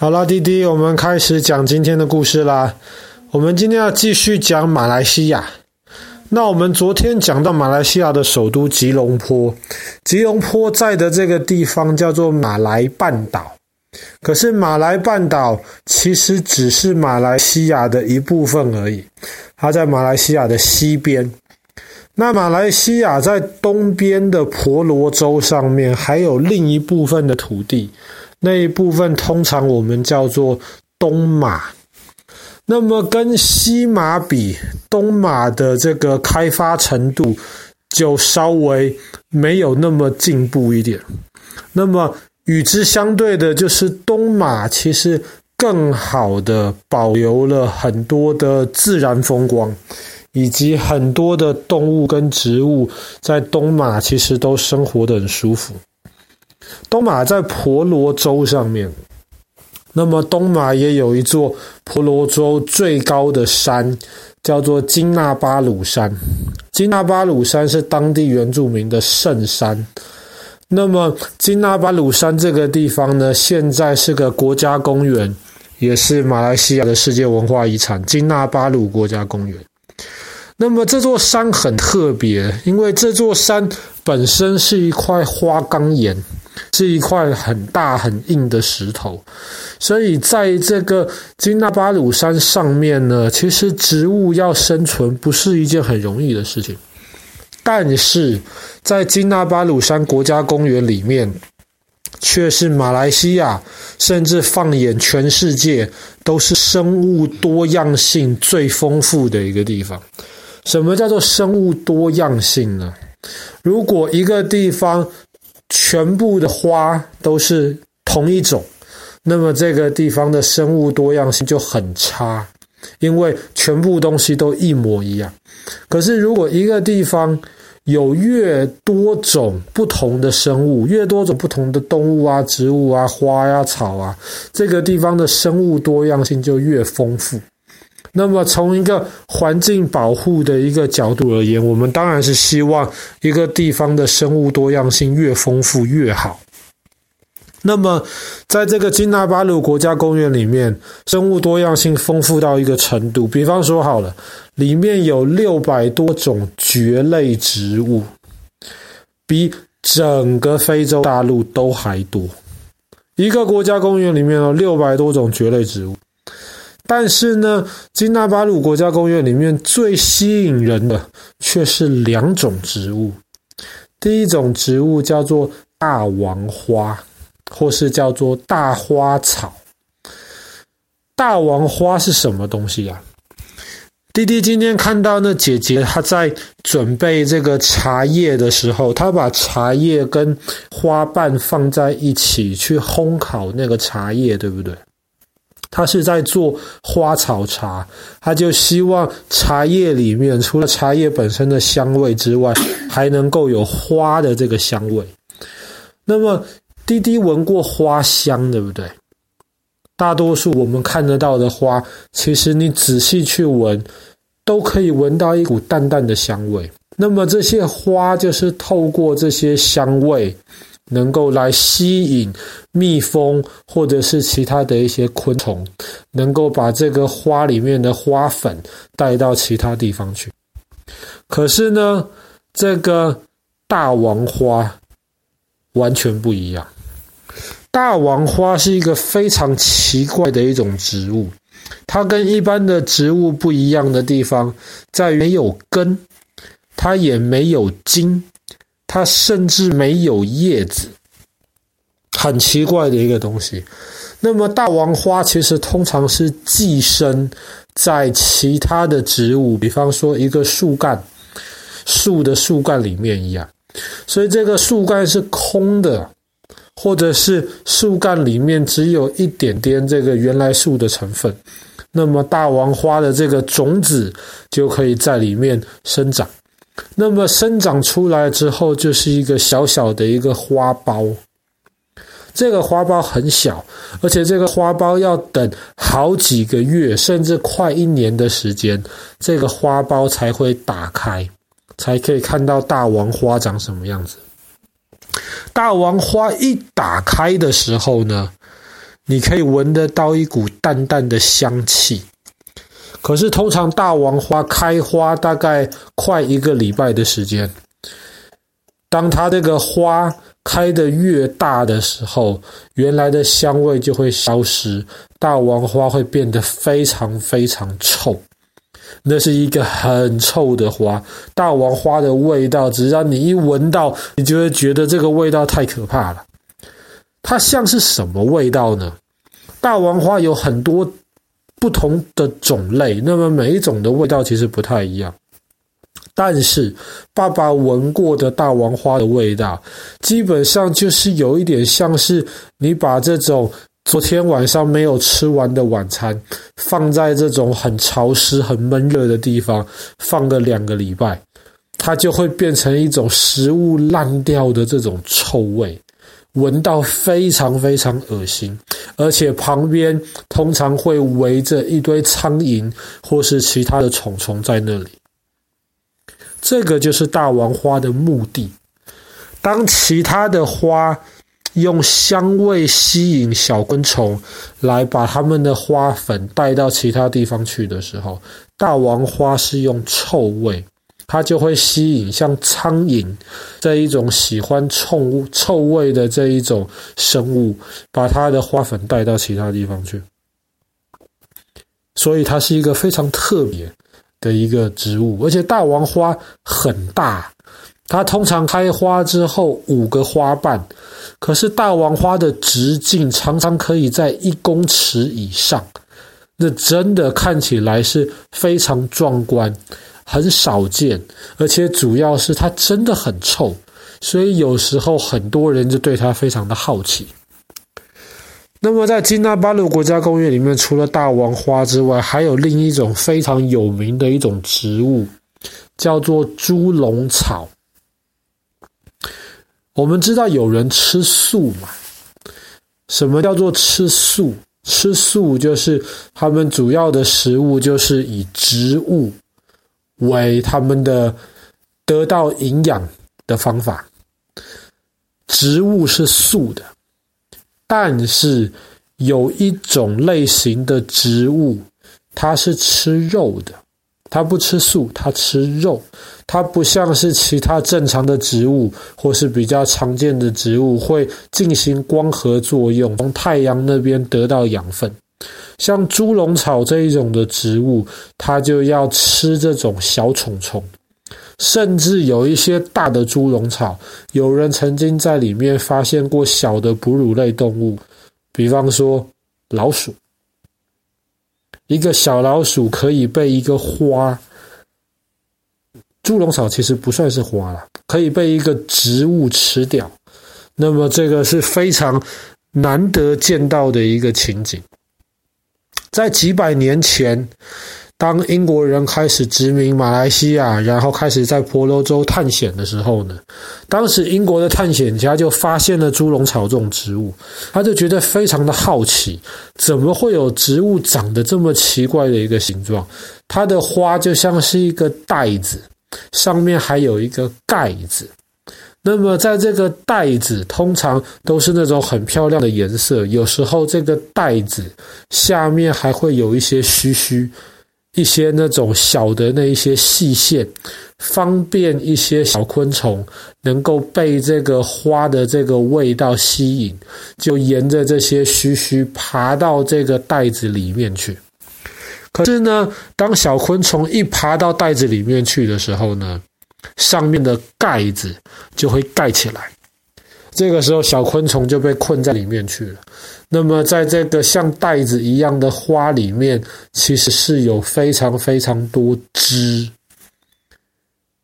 好啦，弟弟，我們開始講今天的故事啦。我們今天要繼續講馬來西亞。那我們昨天講到馬來西亞的首都吉隆坡，吉隆坡在的這個地方叫做馬來半島。可是馬來半島其實只是馬來西亞的一部分而已，它在馬來西亞的西邊。那馬來西亞在東邊的婆羅洲上面還有另一部分的土地。那一部分通常我們叫做東馬，那麼跟西馬比，東馬的這個開發程度就稍微沒有那麼進步一點。那麼與之相對的，就是東馬其實更好的保留了很多的自然風光，以及很多的動物跟植物，在東馬其實都生活得很舒服。東馬在婆羅洲上面，那麼東馬也有一座婆羅洲最高的山，叫做京納巴魯山。京納巴魯山是當地原住民的聖山。那麼京納巴魯山這個地方呢，現在是個國家公園，也是馬來西亞的世界文化遺產——京納巴魯國家公園。那麼這座山很特別，因為這座山本身是一塊花崗岩。是一塊很大很硬的石頭，所以在這個京納巴魯山上面呢，其實植物要生存不是一件很容易的事情。但是，在京納巴魯山國家公園裡面，卻是馬來西亞，甚至放眼全世界，都是生物多樣性最豐富的一個地方。什麼叫做生物多樣性呢？如果一個地方，全部的花都是同一種，那麼這個地方的生物多樣性就很差，因為全部東西都一模一樣。可是，如果一個地方有越多種不同的生物，越多種不同的動物啊、植物啊、花呀、啊、草啊，這個地方的生物多樣性就越豐富。那麼，從一個環境保護的一個角度而言，我們當然是希望一個地方的生物多樣性越豐富越好。那麼，在這個京納巴魯國家公園裡面，生物多樣性豐富到一個程度，比方說好了，裡面有六百多種蕨類植物，比整個非洲大陸都還多。一個國家公園裡面呢，六百多種蕨類植物。但是呢，京納巴魯國家公園裡面最吸引人的卻是兩種植物。第一種植物叫做大王花，或是叫做大花草。大王花是什麼東西呀、啊？弟弟今天看到呢，姐姐她在準備這個茶葉的時候，她把茶葉跟花瓣放在一起去烘烤那個茶葉，對不對？他是在做花草茶，他就希望茶葉裡面除了茶葉本身的香味之外，還能夠有花的這個香味。那麼滴滴聞過花香，對不對？大多數我們看得到的花，其實你仔細去聞，都可以聞到一股淡淡的香味。那麼這些花就是透過這些香味。能夠來吸引蜜蜂或者是其他的一些昆蟲，能夠把這個花裡面的花粉帶到其他地方去。可是呢，這個大王花完全不一樣。大王花是一個非常奇怪的一種植物，它跟一般的植物不一樣的地方在於沒有根，它也沒有莖。它甚至沒有葉子，很奇怪的一個東西。那麼大王花其實通常是寄生在其他的植物，比方說一個樹幹、樹的樹幹裡面一樣。所以這個樹幹是空的，或者是樹幹裡面只有一點點這個原來樹的成分。那麼大王花的這個種子就可以在裡面生長。那麼生長出來之後，就是一個小小的一個花苞。這個花苞很小，而且這個花苞要等好幾個月，甚至快一年的時間，這個花苞才會打開，才可以看到大王花長什麼樣子。大王花一打開的時候呢，你可以聞得到一股淡淡的香氣。可是通常大王花開花大概快一個禮拜的時間，當它這個花開得越大的時候，原來的香味就會消失，大王花會變得非常非常臭。那是一個很臭的花，大王花的味道，只要你一聞到，你就會覺得這個味道太可怕了。它像是什麼味道呢？大王花有很多。不同的種類，那麼每一種的味道其實不太一樣，但是爸爸聞過的大王花的味道，基本上就是有一點像是你把這種昨天晚上沒有吃完的晚餐，放在這種很潮濕、很悶熱的地方，放個兩個禮拜，它就會變成一種食物爛掉的這種臭味，聞到非常非常噁心。而且旁邊通常會圍着一堆蒼蠅或是其他的蟲蟲在那裡，這個就是大王花的目的。當其他的花用香味吸引小昆蟲來把它們的花粉帶到其他地方去的時候，大王花是用臭味。它就會吸引像蒼蠅這一種喜歡臭臭味的這一種生物，把它的花粉帶到其他地方去。所以它是一個非常特別的一個植物，而且大王花很大，它通常開花之後五個花瓣，可是大王花的直徑常常可以在一公尺以上。這真的看起來是非常壯觀，很少見，而且主要是它真的很臭，所以有時候很多人就對它非常的好奇。那麼，在京納巴魯國家公園裡面，除了大王花之外，還有另一種非常有名的一種植物，叫做豬籠草。我們知道有人吃素嘛？什麼叫做吃素？吃素就是他們主要的食物，就是以植物為他們的得到營養的方法。植物是素的，但是有一種類型的植物，它是吃肉的。它不吃素，它吃肉。它不像是其他正常的植物或是比較常見的植物，會進行光合作用，從太陽那邊得到養分。像豬籠草這一種的植物，它就要吃這種小蟲蟲。甚至有一些大的豬籠草，有人曾經在裡面發現過小的哺乳類動物，比方說老鼠。一個小老鼠可以被一個花，豬籠草其實不算是花了，可以被一個植物吃掉，那麼這個是非常難得見到的一個情景，在幾百年前。當英國人開始殖民馬來西亞，然後開始在婆羅洲探險的時候呢，當時英國的探險家就發現了豬籠草這種植物，他就覺得非常的好奇，怎麼會有植物長得這麼奇怪的一個形狀？它的花就像是一個袋子，上面還有一個蓋子。那麼在這個袋子，通常都是那種很漂亮的顏色，有時候這個袋子下面還會有一些鬚鬚。一些那種小的那一些細線，方便一些小昆蟲能夠被這個花的這個味道吸引，就沿着這些須須爬到這個袋子裡面去。可是呢，當小昆蟲一爬到袋子裡面去的時候呢，上面的蓋子就會蓋起來。這個時候，小昆蟲就被困在裡面去了。那麼，在這個像袋子一樣的花裡面，其實是有非常非常多汁。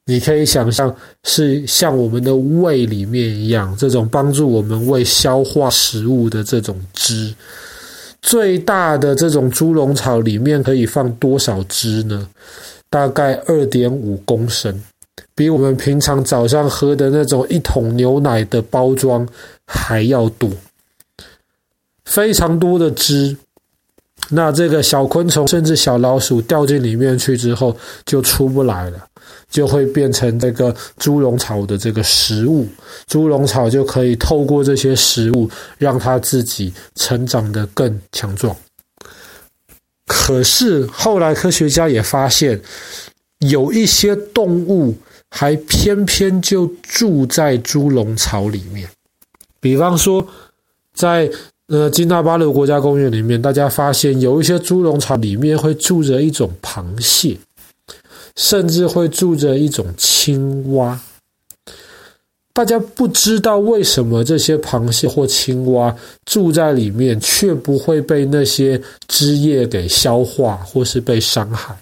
你可以想象，是像我們的胃裡面一樣，這種幫助我們胃消化食物的這種汁。最大的這種豬籠草裡面可以放多少汁呢？大概二點五公升。比我們平常早上喝的那種一桶牛奶的包裝還要多，非常多的汁。那這個小昆蟲甚至小老鼠掉進裡面去之後，就出不來了，就會變成這個豬籠草的這個食物。豬籠草就可以透過這些食物，讓它自己成長得更強壯。可是後來科學家也發現，有一些動物。還偏偏就住在豬籠草裡面。比方說，在呃京納巴魯國家公園裡面，大家發現有一些豬籠草裡面會住着一種螃蟹，甚至會住着一種青蛙。大家不知道為什麼這些螃蟹或青蛙住在裡面，卻不會被那些汁液給消化或是被傷害。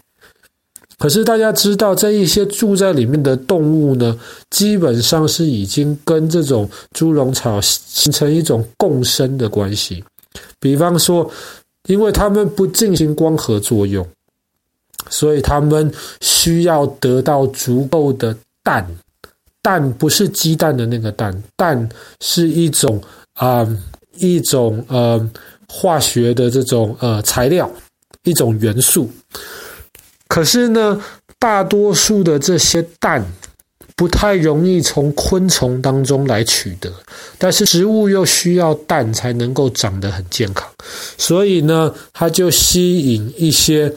可是大家知道，這一些住在裡面的動物呢，基本上是已經跟這種豬籠草形成一種共生的關係。比方說，因為它們不進行光合作用，所以它們需要得到足夠的氮。氮不是雞蛋的那個蛋，氮是一種啊、呃，一種呃化學的這種呃材料，一種元素。可是呢，大多數的這些氮不太容易從昆蟲當中來取得，但是植物又需要氮才能夠長得很健康，所以呢，它就吸引一些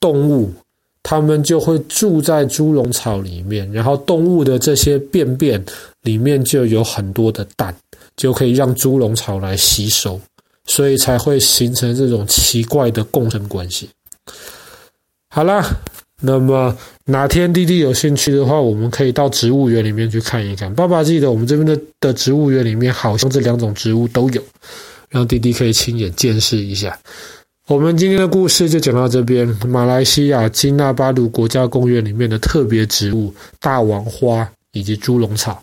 動物，它們就會住在豬籠草裡面，然後動物的這些便便裡面就有很多的氮，就可以讓豬籠草來吸收，所以才會形成這種奇怪的共生關係。好啦，那麼哪天弟弟有興趣的話，我們可以到植物園裡面去看一看。爸爸記得我們這邊的的植物園裡面好像這兩種植物都有，讓弟弟可以親眼見識一下。我們今天的故事就講到這邊。馬來西亞京納巴魯國家公園裡面的特別植物，大王花以及豬籠草。